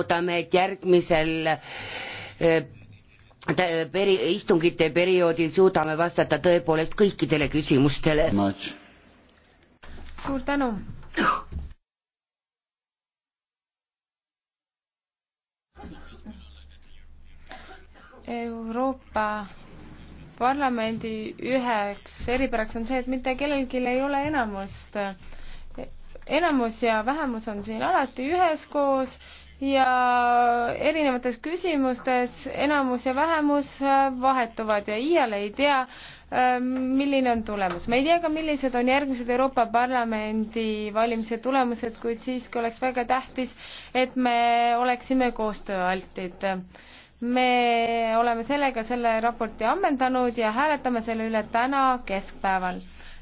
loodame, et järgmisel eh, peri-, istungite perioodil suudame vastata tõepoolest kõikidele küsimustele. suur tänu. Euroopa Parlamendi üheks eripäraks on see, et mitte kellelgi ei ole enamust. enamus ja vähemus on siin alati üheskoos ja erinevates küsimustes enamus ja vähemus äh, vahetuvad ja iial ei tea, äh, milline on tulemus. me ei tea ka, millised on järgmised Euroopa Parlamendi valimise tulemused, kuid siiski oleks väga tähtis, et me oleksime koostööaltid. me oleme sellega selle raporti ammendanud ja hääletame selle üle täna keskpäeval.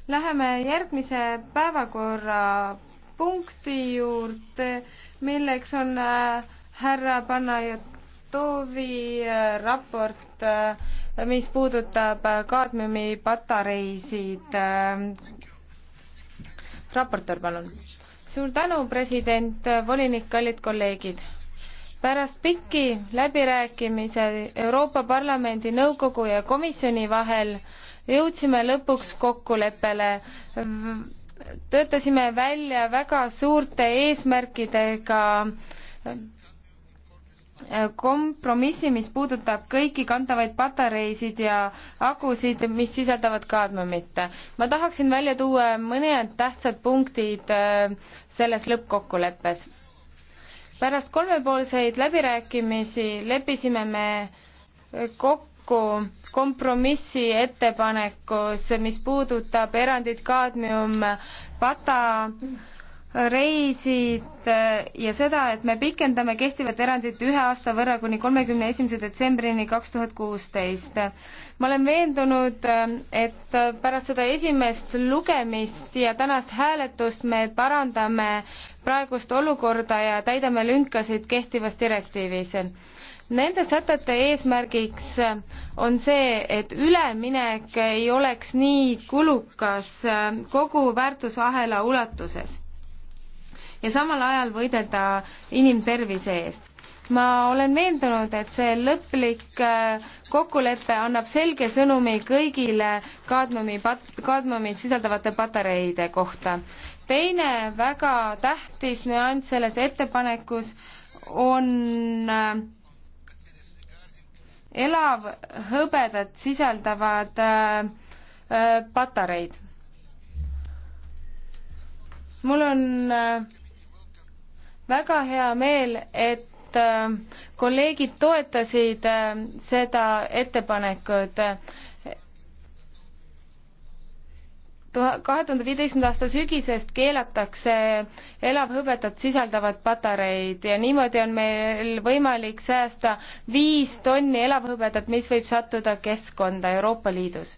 Läheme järgmise päevakorrapunkti juurde milleks on äh, härra Panajatovi äh, raport, äh, mis puudutab kaadmiumipatareisid. raportöör, palun. suur tänu, president, volinik, kallid kolleegid pärast pikki läbirääkimisi Euroopa Parlamendi, Nõukogu ja Komisjoni vahel jõudsime lõpuks kokkuleppele töötasime välja väga suurte eesmärkidega kompromissi, mis puudutab kõiki kantavaid patareisid ja akusid, mis sisaldavad kaadmumit. ma tahaksin välja tuua mõned tähtsad punktid äh, selles lõppkokkuleppes. pärast kolmepoolseid läbirääkimisi leppisime me kokku kokku kompromissi ettepanekus, mis puudutab erandit kaadmiumpata reisid ja seda, et me pikendame kehtivat erandit ühe aasta võrra kuni kolmekümne esimese detsembrini kaks tuhat kuusteist. ma olen veendunud, et pärast seda esimest lugemist ja tänast hääletust me parandame praegust olukorda ja täidame lünkasid kehtivas direktiivis Nende sätete eesmärgiks on see, et üleminek ei oleks nii kulukas kogu väärtusahela ulatuses ja samal ajal võidelda inimtervise eest ma olen veendunud, et see lõplik kokkulepe annab selge sõnumi kõigile kaadmiumi, kaadmiumit sisaldavate patareide kohta. teine väga tähtis nüanss selles ettepanekus on äh, elavhõbedat sisaldavad äh, äh, patareid. mul on äh, väga hea meel, et äh, kolleegid toetasid äh, seda ettepanekut kahe tuhande viieteistkümnenda aasta sügisest keelatakse elavhõbedat sisaldavad patareid ja niimoodi on meil võimalik säästa viis tonni elavhõbedat, mis võib sattuda keskkonda Euroopa Liidus.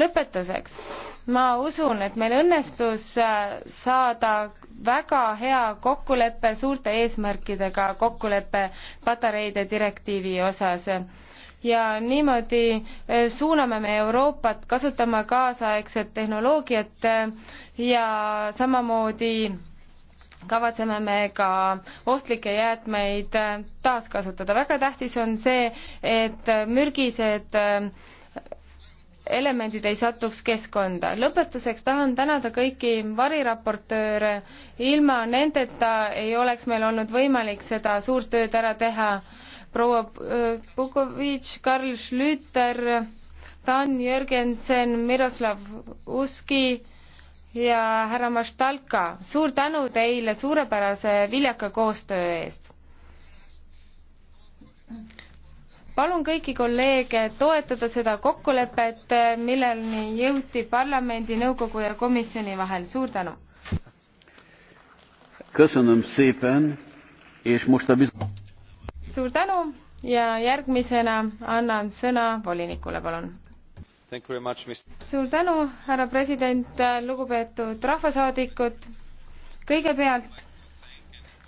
lõpetuseks, ma usun, et meil õnnestus äh, saada väga hea kokkulepe suurte eesmärkidega kokkulepe patareide direktiivi osas ja niimoodi eh, suuname me Euroopat kasutama kaasaegset tehnoloogiat eh, ja samamoodi kavatseme me ka ohtlikke jäätmeid eh, taaskasutada. väga tähtis on see, et mürgised elemendid ei satuks keskkonda. lõpetuseks tahan tänada kõiki variraportööre, ilma nendeta ei oleks meil olnud võimalik seda suurt tööd ära teha proua äh, Pukovitš, Karl Schlüter, Dan Jürgensen, Miroslav Uski ja härra Maštalka, suur tänu teile suurepärase viljaka koostöö eest! palun kõiki kolleege toetada seda kokkulepet, milleni jõuti parlamendi, nõukogu ja komisjoni vahel, suur tänu! köszönöm szépen, és most a biz- suur tänu ja järgmisena annan sõna volinikule, palun. suur tänu, härra president, lugupeetud rahvasaadikud. kõigepealt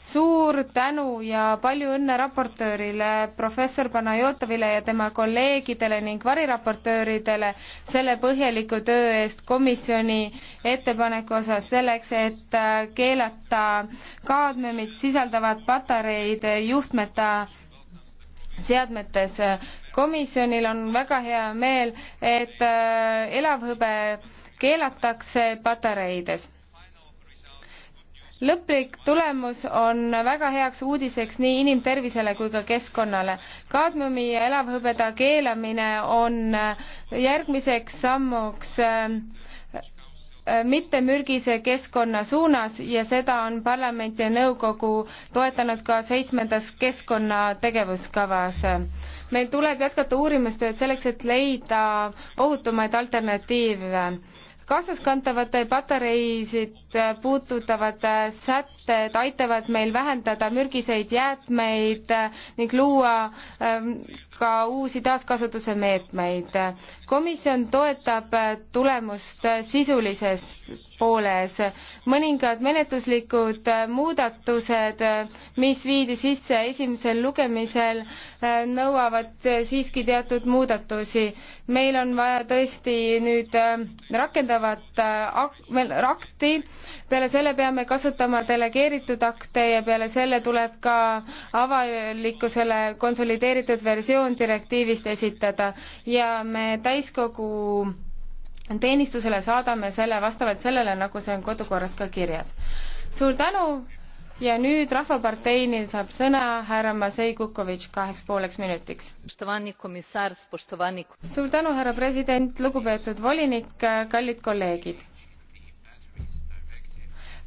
suur tänu ja palju õnne raportöörile, professor Panajotovile ja tema kolleegidele ning variraportööridele selle põhjaliku töö eest komisjoni ettepaneku osas selleks, et äh, keelata kaadmiumit sisaldavad patareid juhtmeta seadmetes. komisjonil on väga hea meel, et äh, elavhõbe keelatakse patareides lõplik tulemus on väga heaks uudiseks nii inimtervisele kui ka keskkonnale. kaadmiumi ja elavhõbeda keelamine on äh, järgmiseks sammuks äh, mittemürgise keskkonna suunas ja seda on parlament ja nõukogu toetanud ka seitsmendas keskkonnategevuskavas. meil tuleb jätkata uurimistööd selleks, et leida ohutumaid alternatiive kaasaskantavate patareisid puudutavad sätted aitavad meil vähendada mürgiseid jäätmeid ning luua ähm, ka uusi taaskasutuse meetmeid. komisjon toetab tulemust sisulises pooles. mõningad menetluslikud muudatused, mis viidi sisse esimesel lugemisel, nõuavad siiski teatud muudatusi. meil on vaja tõesti nüüd rakendavat akti, peale selle peame kasutama delegeeritud akte ja peale selle tuleb ka avalikkusele konsolideeritud versioon direktiivist esitada ja me täiskogu teenistusele saadame selle vastavalt sellele, nagu see on kodukorras ka kirjas. suur tänu ja nüüd Rahvaparteinil saab sõna härra Masei Kukovitš kaheks pooleks minutiks. suur tänu, härra president, lugupeetud volinik, kallid kolleegid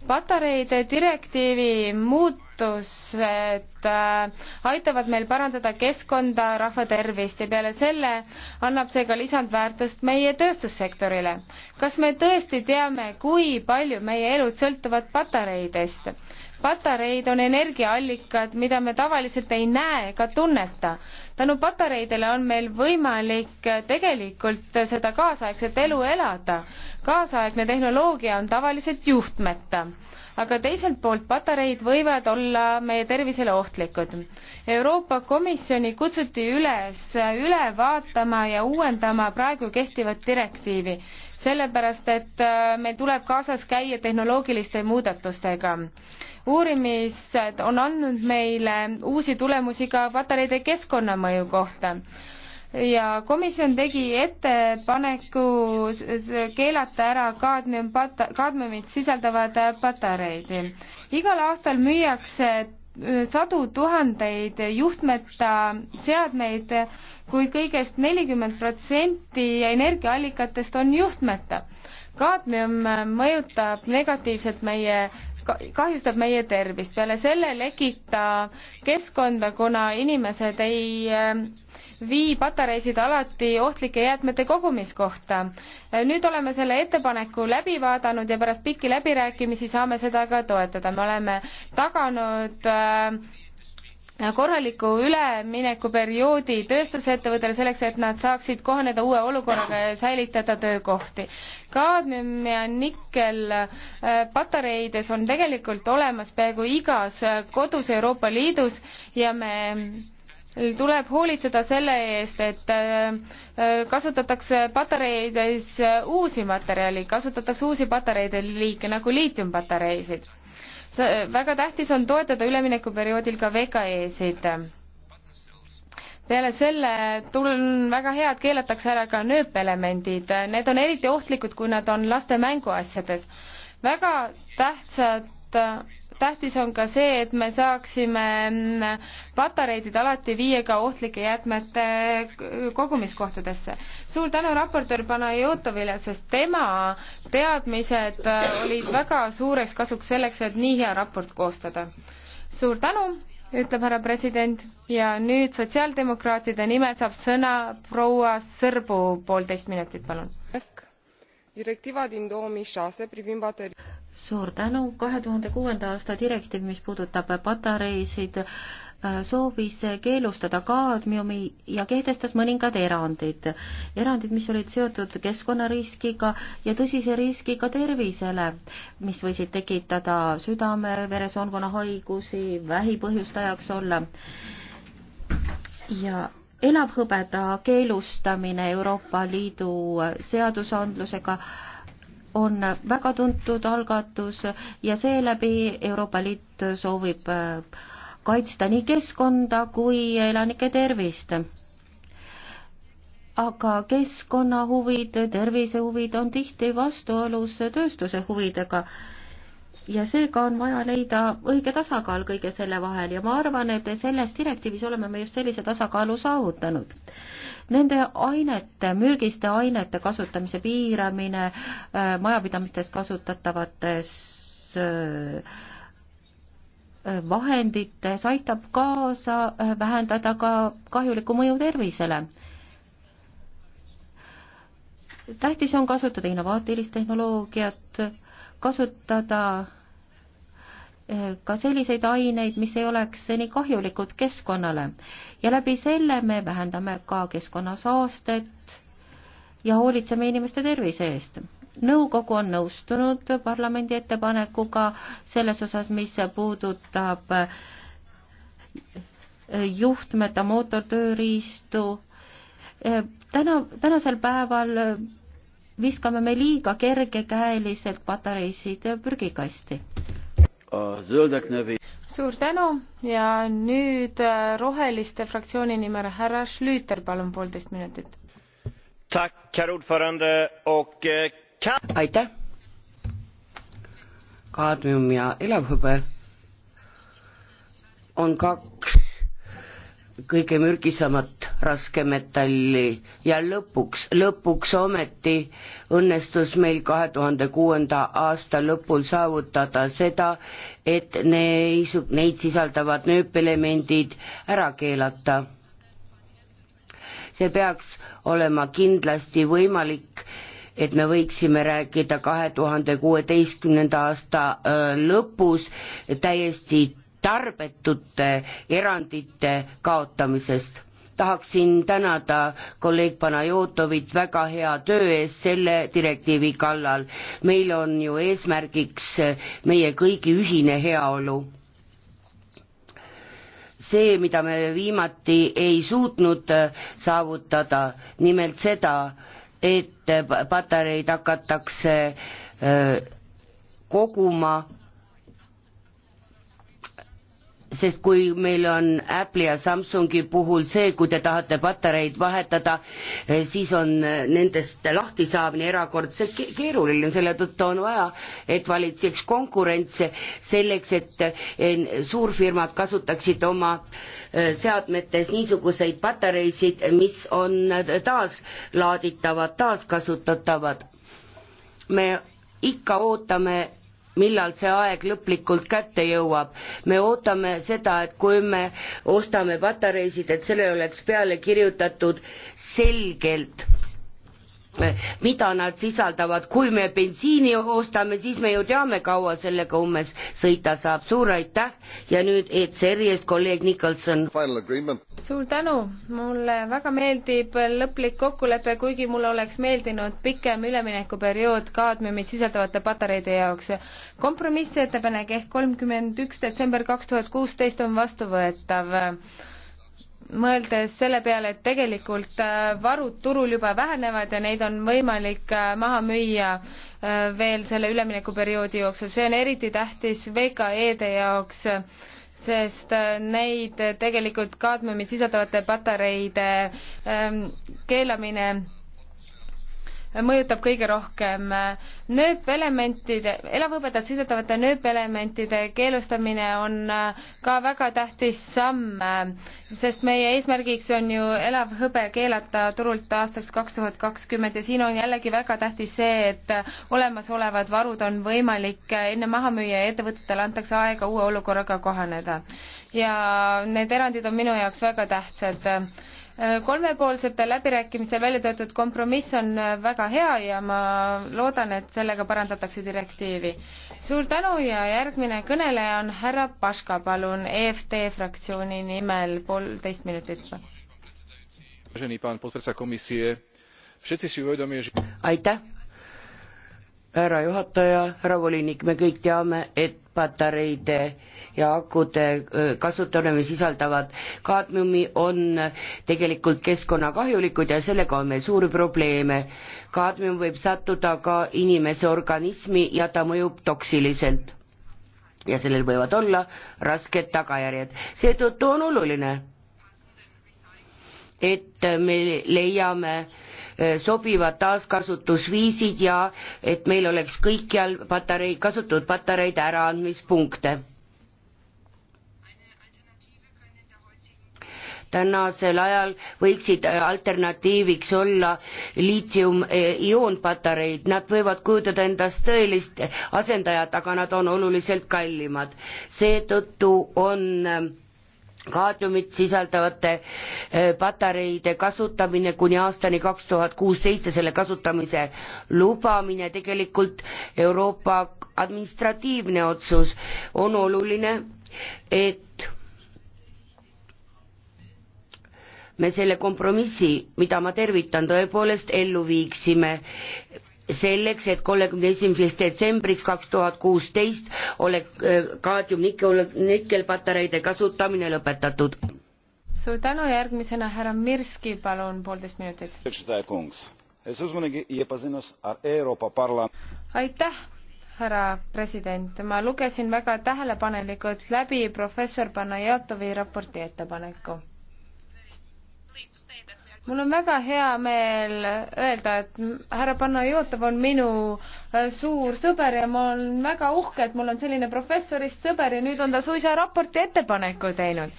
patareide direktiivi muutused äh, aitavad meil parandada keskkonda, rahva tervist ja peale selle annab see ka lisandväärtust meie tööstussektorile. kas me tõesti teame, kui palju meie elud sõltuvad patareidest? patareid on energiaallikad, mida me tavaliselt ei näe ega tunneta. tänu patareidele on meil võimalik tegelikult seda kaasaegset elu elada. kaasaegne tehnoloogia on tavaliselt juhtmeta aga teiselt poolt patareid võivad olla meie tervisele ohtlikud. Euroopa Komisjoni kutsuti üles üle vaatama ja uuendama praegu kehtivat direktiivi, sellepärast et äh, meil tuleb kaasas käia tehnoloogiliste muudatustega. uurimised on andnud meile uusi tulemusi ka patareide keskkonnamõju kohta ja komisjon tegi ettepaneku keelata ära kaadmium, kaadmiumit sisaldavad patareid. igal aastal müüakse sadu tuhandeid juhtmeta seadmeid, kuid kõigest nelikümmend protsenti energiaallikatest on juhtmeta. kaadmium mõjutab negatiivselt meie kahjustab meie tervist. peale selle lekib ta keskkonda, kuna inimesed ei ähm, vii patareisid alati ohtlike jäätmete kogumiskohta. nüüd oleme selle ettepaneku läbi vaadanud ja pärast pikki läbirääkimisi saame seda ka toetada. me oleme taganud äh, korraliku üleminekuperioodi tööstusettevõttele selleks, et nad saaksid kohaneda uue olukorraga ja säilitada töökohti. kaadmium ja nikkel äh, patareides on tegelikult olemas peaaegu igas kodus Euroopa Liidus ja me tuleb hoolitseda selle eest, et äh, äh, kasutatakse patareides uusi materjali, kasutatakse uusi patareide liike nagu liitiumpatareisid väga tähtis on toetada üleminekuperioodil ka VKE-sid. peale selle on väga hea, et keelatakse ära ka nööpelemendid, need on eriti ohtlikud, kui nad on laste mänguasjades. väga tähtsad tähtis on ka see, et me saaksime patareisid alati viia ka ohtlike jäätmete kogumiskohtadesse. suur tänu raportöör Panajotovile, sest tema teadmised olid väga suureks kasuks selleks, et nii hea raport koostada. suur tänu, ütleb härra president ja nüüd sotsiaaldemokraatide nimel saab sõna proua Sõrbu, poolteist minutit, palun direktiiva din 2006 privind baterii. suur tänu, kahe tuhande kuuenda aasta direktiiv, mis puudutab patareisid, äh, soovis keelustada kaadmiumi ja kehtestas mõningad erandid. erandid, mis olid seotud keskkonnariskiga ja tõsise riskiga tervisele, mis võisid tekitada südame, veresoonkonna haigusi, vähi põhjustajaks olla. ja elavhõbeda keelustamine Euroopa Liidu seadusandlusega on väga tuntud algatus ja seeläbi Euroopa Liit soovib äh, kaitsta nii keskkonda kui elanike tervist. aga keskkonnahuvid, tervisehuvid on tihti vastuolus tööstuse huvidega ja seega on vaja leida õige tasakaal kõige selle vahel ja ma arvan, et selles direktiivis oleme me just sellise tasakaalu saavutanud. Nende ainete, mürgiste ainete kasutamise piiramine äh, majapidamistes kasutatavatest äh, vahendites aitab kaasa äh, vähendada ka kahjulikku mõju tervisele. tähtis on kasutada innovaatilist tehnoloogiat kasutada eh, ka selliseid aineid, mis ei oleks nii kahjulikud keskkonnale ja läbi selle me vähendame ka keskkonnasaastet ja hoolitseme inimeste tervise eest. nõukogu on nõustunud parlamendi ettepanekuga selles osas, mis puudutab eh, juhtmeta mootortööriistu. Eh, täna, tänasel päeval viskame me liiga kergekäeliselt patareisid prügikasti. suur tänu ja nüüd äh, Roheliste fraktsiooni nimel härra Schlüter, palun poolteist minutit. Eh, aitäh. kaadmium ja elavhõbe on kaks kõige mürgisemat raskemetalli ja lõpuks, lõpuks ometi õnnestus meil kahe tuhande kuuenda aasta lõpul saavutada seda, et neis, neid sisaldavad nööpelemendid ära keelata. see peaks olema kindlasti võimalik et me võiksime rääkida kahe tuhande kuueteistkümnenda aasta lõpus täiesti tarbetute erandite kaotamisest tahaksin tänada kolleeg Panajotovit väga hea töö eest selle direktiivi kallal. meil on ju eesmärgiks meie kõigi ühine heaolu see, mida me viimati ei suutnud saavutada, nimelt seda, et patareid hakatakse äh, koguma sest kui meil on Apple'i ja Samsungi puhul see, kui te tahate patareid vahetada, eh, siis on eh, nendest lahtisaamine erakordselt keeruline, selle tõttu on vaja, et valitseks konkurents selleks, et eh, suurfirmad kasutaksid oma seadmetes niisuguseid patareisid, mis on taaslaaditavad, taaskasutatavad. me ikka ootame millal see aeg lõplikult kätte jõuab. me ootame seda, et kui me ostame patareisid, et sellele oleks peale kirjutatud selgelt mida nad sisaldavad, kui me bensiini ostame, siis me ju teame, kaua sellega umbes sõita saab, suur aitäh ja nüüd ECR-i eest kolleeg Nicholson. suur tänu, mulle väga meeldib lõplik kokkulepe, kuigi mulle oleks meeldinud pikem üleminekuperiood kaadmiumit sisaldavate patareide jaoks. kompromissettepanek ehk kolmkümmend üks detsember kaks tuhat kuusteist on vastuvõetav mõeldes selle peale, et tegelikult äh, varud turul juba vähenevad ja neid on võimalik äh, maha müüa äh, veel selle üleminekuperioodi jooksul, see on eriti tähtis VKE-de jaoks, sest neid tegelikult kaadmiumit sisaldavate patareide ähm, keelamine mõjutab kõige rohkem. nööpelementide, elavhõbedat sisaldavate nööpelementide keelustamine on äh, ka väga tähtis samm, äh, sest meie eesmärgiks on ju elavhõbe keelata turult aastaks kaks tuhat kakskümmend ja siin on jällegi väga tähtis see, et olemasolevad varud on võimalik äh, enne maha müüa ja ettevõtetele antakse aega uue olukorraga kohaneda. ja need erandid on minu jaoks väga tähtsad kolmepoolsetel läbirääkimistel välja töötatud kompromiss on äh, väga hea ja ma loodan, et sellega parandatakse direktiivi. suur tänu ja järgmine kõneleja on härra Paška, palun, EFT fraktsiooni nimel poolteist minutit. aitäh härra juhataja, härra volinik, me kõik teame, et patareide ja akude kasutamine sisaldavad kaadmiumi, on tegelikult keskkonnakahjulikud ja sellega on meil suuri probleeme. kaadmium võib sattuda ka inimese organismi ja ta mõjub toksiliselt. ja sellel võivad olla rasked tagajärjed, seetõttu on oluline, et me leiame äh, Eh, sobivad taaskasutusviisid ja et meil oleks kõikjal patarei, kasutatud patareide äraandmispunkte. tänasel ajal võiksid alternatiiviks olla liitium-ioonpatareid, eh, nad võivad kujutada endast tõelist asendajat, aga nad on oluliselt kallimad. seetõttu on eh, kaadmiumit sisaldavate eh, patareide kasutamine kuni aastani kaks tuhat kuusteist ja selle kasutamise lubamine tegelikult euroopa administratiivne otsus on oluline et me selle kompromissi mida ma tervitan tõepoolest ellu viiksime selleks, et kolmekümne esimeseks detsembriks kaks tuhat kuusteist oleks äh, kaadiumnikkelpatareide kasutamine lõpetatud. suur tänu, järgmisena härra Mirski, palun poolteist minutit. aitäh, härra president, ma lugesin väga tähelepanelikult läbi professor Panajotovi raporti ettepaneku mul on väga hea meel öelda, et härra Panajotov on minu äh, suur sõber ja ma olen väga uhke, et mul on selline professorist sõber ja nüüd on ta suisa raporti ettepaneku teinud.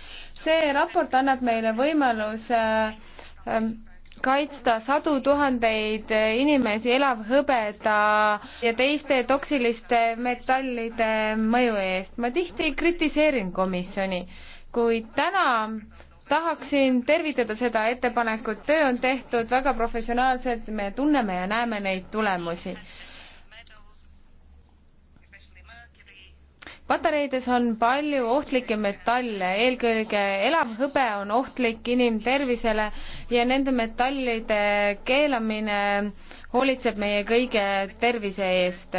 see raport annab meile võimaluse ähm, kaitsta sadu tuhandeid äh, inimesi elavhõbeda ja teiste toksiliste metallide mõju eest. ma tihti kritiseerin komisjoni, kuid täna tahaksin tervitada seda ettepanekut, töö on tehtud väga professionaalselt, me tunneme ja näeme neid tulemusi patareides on palju ohtlikke metalle, eelkõige elav hõbe on ohtlik inimtervisele ja nende metallide keelamine hoolitseb meie kõige tervise eest.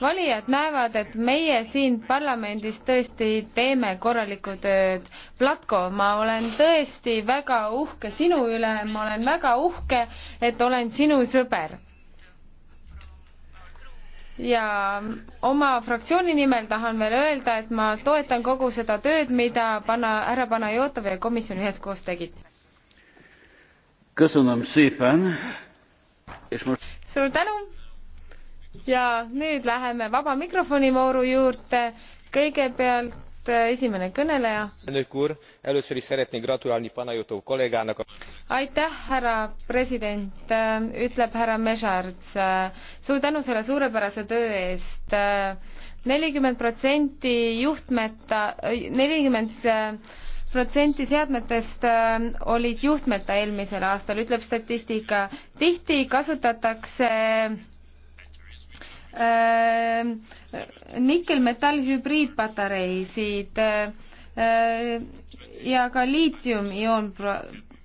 valijad näevad, et meie siin parlamendis tõesti teeme korralikku tööd. Platko, ma olen tõesti väga uhke sinu üle, ma olen väga uhke, et olen sinu sõber ja oma fraktsiooni nimel tahan veel öelda, et ma toetan kogu seda tööd, mida pana, härra Panajotov ja komisjon üheskoos tegid. suur tänu ja nüüd läheme vaba mikrofoni vooru juurde, kõigepealt Äh, esimene kõneleja. először is szeretnék gratulálni panayotov kollégának. aitäh härra president äh, ütleb härra mesarts äh, suur tänu selle suurepärase töö eest nelikümmend protsenti juhtmeta nelikümmend protsenti seadmetest olid juhtmeta eelmisel aastal ütleb statistika tihti kasutatakse Äh, nikkelmetallhübriidpatareisid äh, ja ka liitium-ioon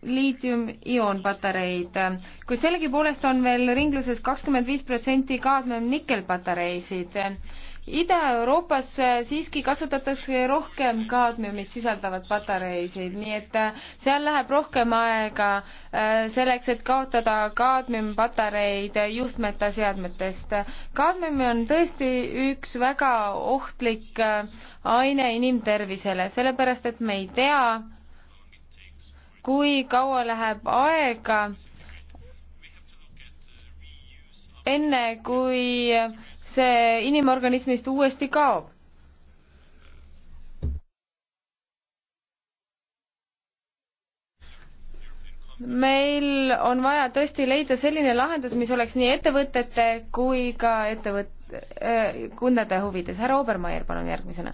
liitium-ioonpatareid, kuid sellegipoolest on veel ringluses kakskümmend viis protsenti kaadmium-nikkelpatareisid Ida-Euroopas äh, siiski kasutatakse rohkem kaadmiumit sisaldavat patareisid, nii et äh, seal läheb rohkem aega äh, selleks, et kaotada kaadmiumpatareid juhtmeta seadmetest. kaadmium on tõesti üks väga ohtlik aine inimtervisele, sellepärast et me ei tea, kui kaua läheb aega enne, kui see inimorganismist uuesti kaob. meil on vaja tõesti leida selline lahendus, mis oleks nii ettevõtete kui ka ettevõt- äh,, kundade huvides. härra Obermeier, palun järgmisena.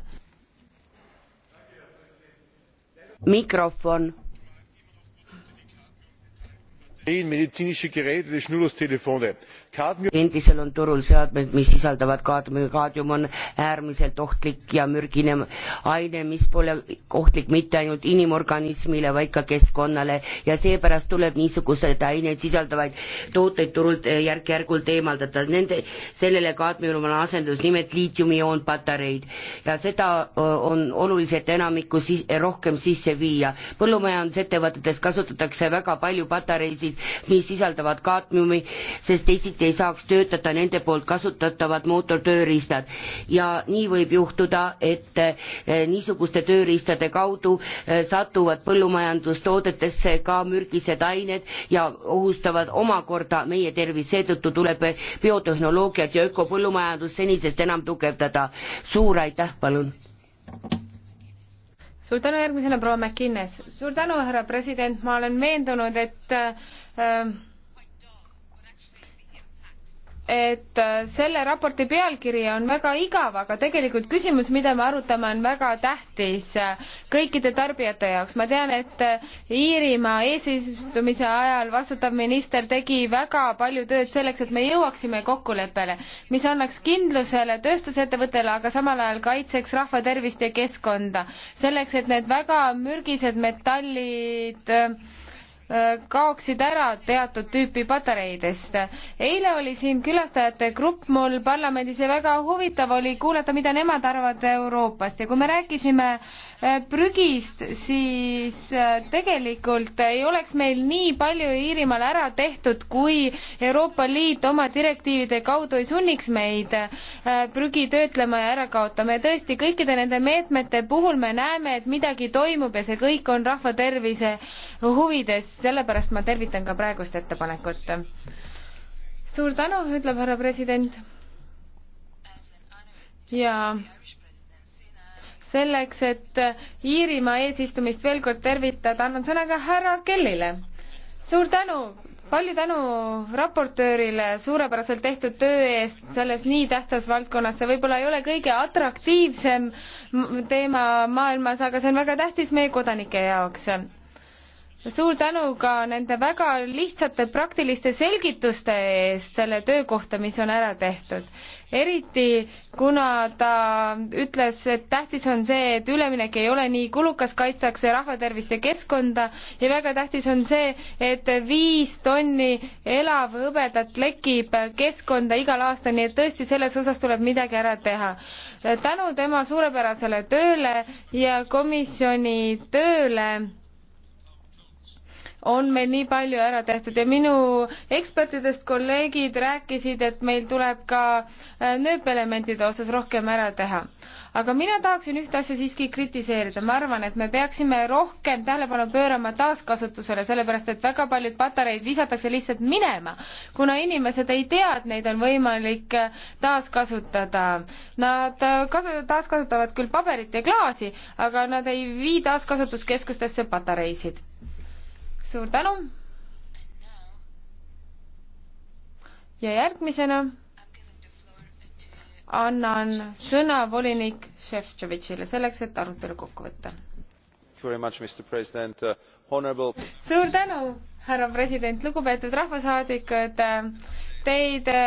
mikrofon medizinische geräte die schnurlostelefone endisel on turul seadmed, mis sisaldavad kaadmiumi, kaadium on äärmiselt ohtlik ja mürgine aine, mis pole ohtlik mitte ainult inimorganismile, vaid ka keskkonnale ja seepärast tuleb niisuguseid aineid sisaldavaid tooteid turult eh, järk-järgult eemaldada. Nende, sellele kaadmiumil on asendusnimed liitiumioonpatareid ja seda eh, on oluliselt enamikku siis, rohkem sisse viia. põllumajandusettevõtetes kasutatakse väga palju patareisid, mis sisaldavad kaadmiumi, sest teisiti hästi ei saaks töötada nende poolt kasutatavad mootortööriistad ja nii võib juhtuda, et eh, niisuguste tööriistade kaudu eh, satuvad põllumajandustoodetesse ka mürgised ained ja ohustavad omakorda meie tervist, seetõttu tuleb biotehnoloogiat ja ökopõllumajandust senisest enam tugevdada. suur aitäh, palun! suur tänu järgmisena, proua McInnes. suur tänu, härra president, ma olen veendunud, et äh, et äh, selle raporti pealkiri on väga igav, aga tegelikult küsimus, mida me arutame, on väga tähtis äh, kõikide tarbijate jaoks. ma tean, et äh, Iirimaa eesistumise ajal vastutav minister tegi väga palju tööd selleks, et me jõuaksime kokkuleppele, mis annaks kindlusele tööstusettevõttele, aga samal ajal kaitseks rahva tervist ja keskkonda. selleks, et need väga mürgised metallid kaoksid ära teatud tüüpi patareidest. eile oli siin külastajate grupp mul parlamendis ja väga huvitav oli kuulata, mida nemad arvavad Euroopast ja kui me rääkisime äh, Eh, prügist, siis eh, tegelikult ei oleks meil nii palju Iirimaal ära tehtud, kui Euroopa Liit oma direktiivide kaudu ei sunniks meid eh, prügi töötlema ja ära kaotama ja tõesti kõikide nende meetmete puhul me näeme, et midagi toimub ja see kõik on rahva tervise huvides, sellepärast ma tervitan ka praegust ettepanekut. suur tänu, ütleb härra president. ja selleks, et Iirimaa eesistumist veel kord tervitada, annan sõna ka härra Kellile. suur tänu, palju tänu raportöörile suurepäraselt tehtud töö eest selles nii tähtsas valdkonnas, see võib-olla ei ole kõige atraktiivsem teema maailmas, aga see on väga tähtis meie kodanike jaoks suur tänu ka nende väga lihtsate praktiliste selgituste eest selle töö kohta, mis on ära tehtud eriti kuna ta ütles, et tähtis on see, et üleminek ei ole nii kulukas, kaitstakse rahva tervist ja keskkonda ja väga tähtis on see, et viis tonni elav hõbedat lekib keskkonda igal aastal, nii et tõesti selles osas tuleb midagi ära teha. tänu tema suurepärasele tööle ja komisjoni tööle on meil nii palju ära tehtud ja minu ekspertidest kolleegid rääkisid, et meil tuleb ka äh, nööpelementide osas rohkem ära teha. aga mina tahaksin ühte asja siiski kritiseerida, ma arvan, et me peaksime rohkem tähelepanu pöörama taaskasutusele, sellepärast et väga paljud patareid visatakse lihtsalt minema, kuna inimesed ei tea, et neid on võimalik äh, taaskasutada. Nad äh, kasu-, taaskasutavad küll paberit ja klaasi, aga nad ei vii taaskasutuskeskustesse patareisid suur tänu. ja järgmisena annan sõna volinik Šefčovičile selleks, et arutelu kokku võtta. Uh, suur tänu, härra president, lugupeetud rahvasaadikud, äh, teid äh,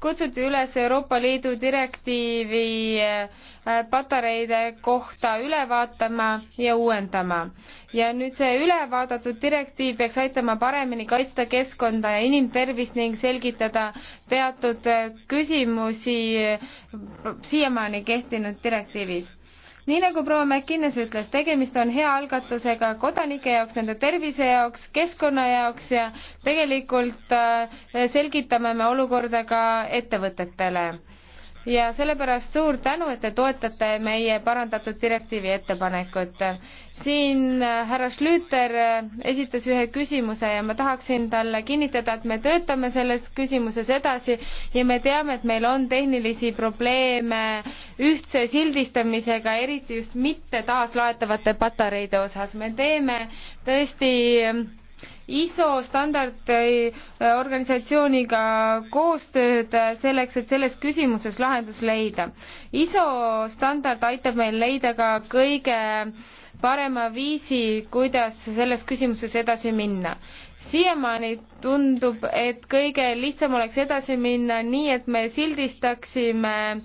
kutsuti üles Euroopa Liidu direktiivi äh, patareide kohta üle vaatama ja uuendama. ja nüüd see ülevaadatud direktiiv peaks aitama paremini kaitsta keskkonda ja inimtervist ning selgitada teatud äh, küsimusi äh, siiamaani kehtinud direktiivis nii nagu proua McInnes ütles, tegemist on hea algatusega kodanike jaoks, nende tervise jaoks, keskkonna jaoks ja tegelikult äh, selgitame me olukorda ka ettevõtetele ja sellepärast suur tänu, et te toetate meie parandatud direktiivi ettepanekut. siin äh, härra Schlüter äh, esitas ühe küsimuse ja ma tahaksin talle kinnitada, et me töötame selles küsimuses edasi ja me teame, et meil on tehnilisi probleeme ühtse sildistamisega, eriti just mitte taaslaetavate patareide osas. me teeme tõesti äh, ISO standardorganisatsiooniga äh, koostööd äh, selleks, et selles küsimuses lahendus leida. ISO standard aitab meil leida ka kõige parema viisi, kuidas selles küsimuses edasi minna siiamaani tundub, et kõige lihtsam oleks edasi minna nii, et me sildistaksime äh,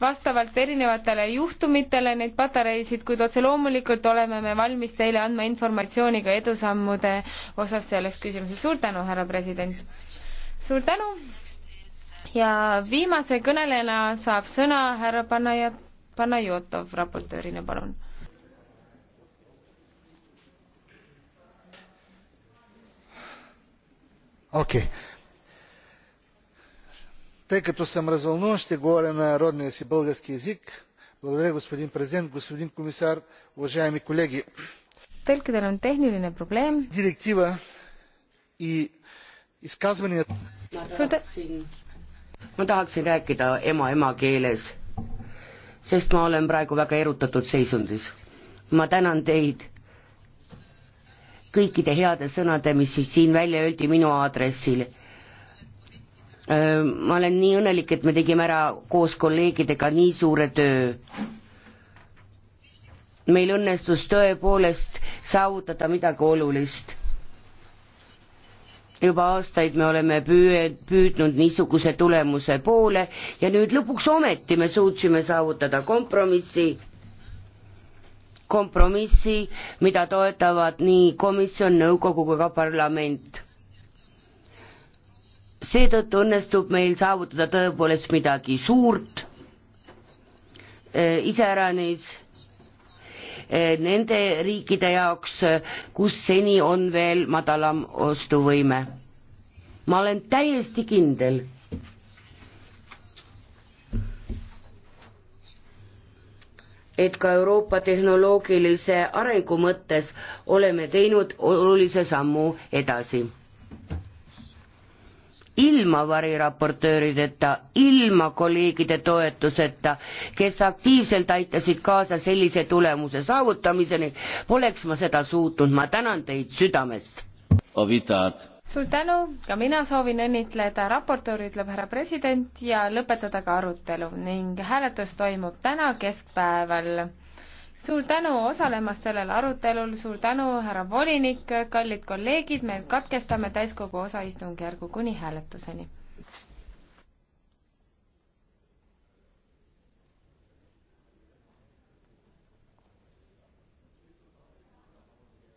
vastavalt erinevatele juhtumitele neid patareisid, kuid otse loomulikult oleme me valmis teile andma informatsiooni ka edusammude osas selles küsimuses. suur tänu, härra president! suur tänu! ja viimase kõnelejana saab sõna härra Panaja, Panajotov raportöörina, palun. okei okay тъй като съм развълнуван ще говоря на родния си български език. Благодаря, господин президент, господин комисар, уважаеми колеги. Tõlkidel on tehniline probleem. Direktiiva i изказвания. Ma tahaksin rääkida ema emakeeles, sest ma olen praegu väga erutatud seisundis. Ma tänan teid kõikide heade sõnade, mis siin välja öeldi minu aadressil ma olen nii õnnelik, et me tegime ära koos kolleegidega nii suure töö. meil õnnestus tõepoolest saavutada midagi olulist. juba aastaid me oleme püüe-, püüdnud niisuguse tulemuse poole ja nüüd lõpuks ometi me suutsime saavutada kompromissi, kompromissi, mida toetavad nii komisjon, nõukogu kui ka parlament seetõttu õnnestub meil saavutada tõepoolest midagi suurt, äh, iseäranis äh, nende riikide jaoks, kus seni on veel madalam ostuvõime. ma olen täiesti kindel, et ka Euroopa tehnoloogilise arengu mõttes oleme teinud olulise sammu edasi ilma variraportöörideta, ilma kolleegide toetuseta, kes aktiivselt aitasid kaasa sellise tulemuse saavutamiseni, poleks ma seda suutnud, ma tänan teid südamest. suur tänu, ka mina soovin õnnitleda raportööri, ütleb härra president, ja lõpetada ka arutelu ning hääletus toimub täna keskpäeval suur tänu osalemast sellel arutelul, suur tänu, härra volinik, kallid kolleegid, me katkestame täiskogu osaistungjärgu kuni hääletuseni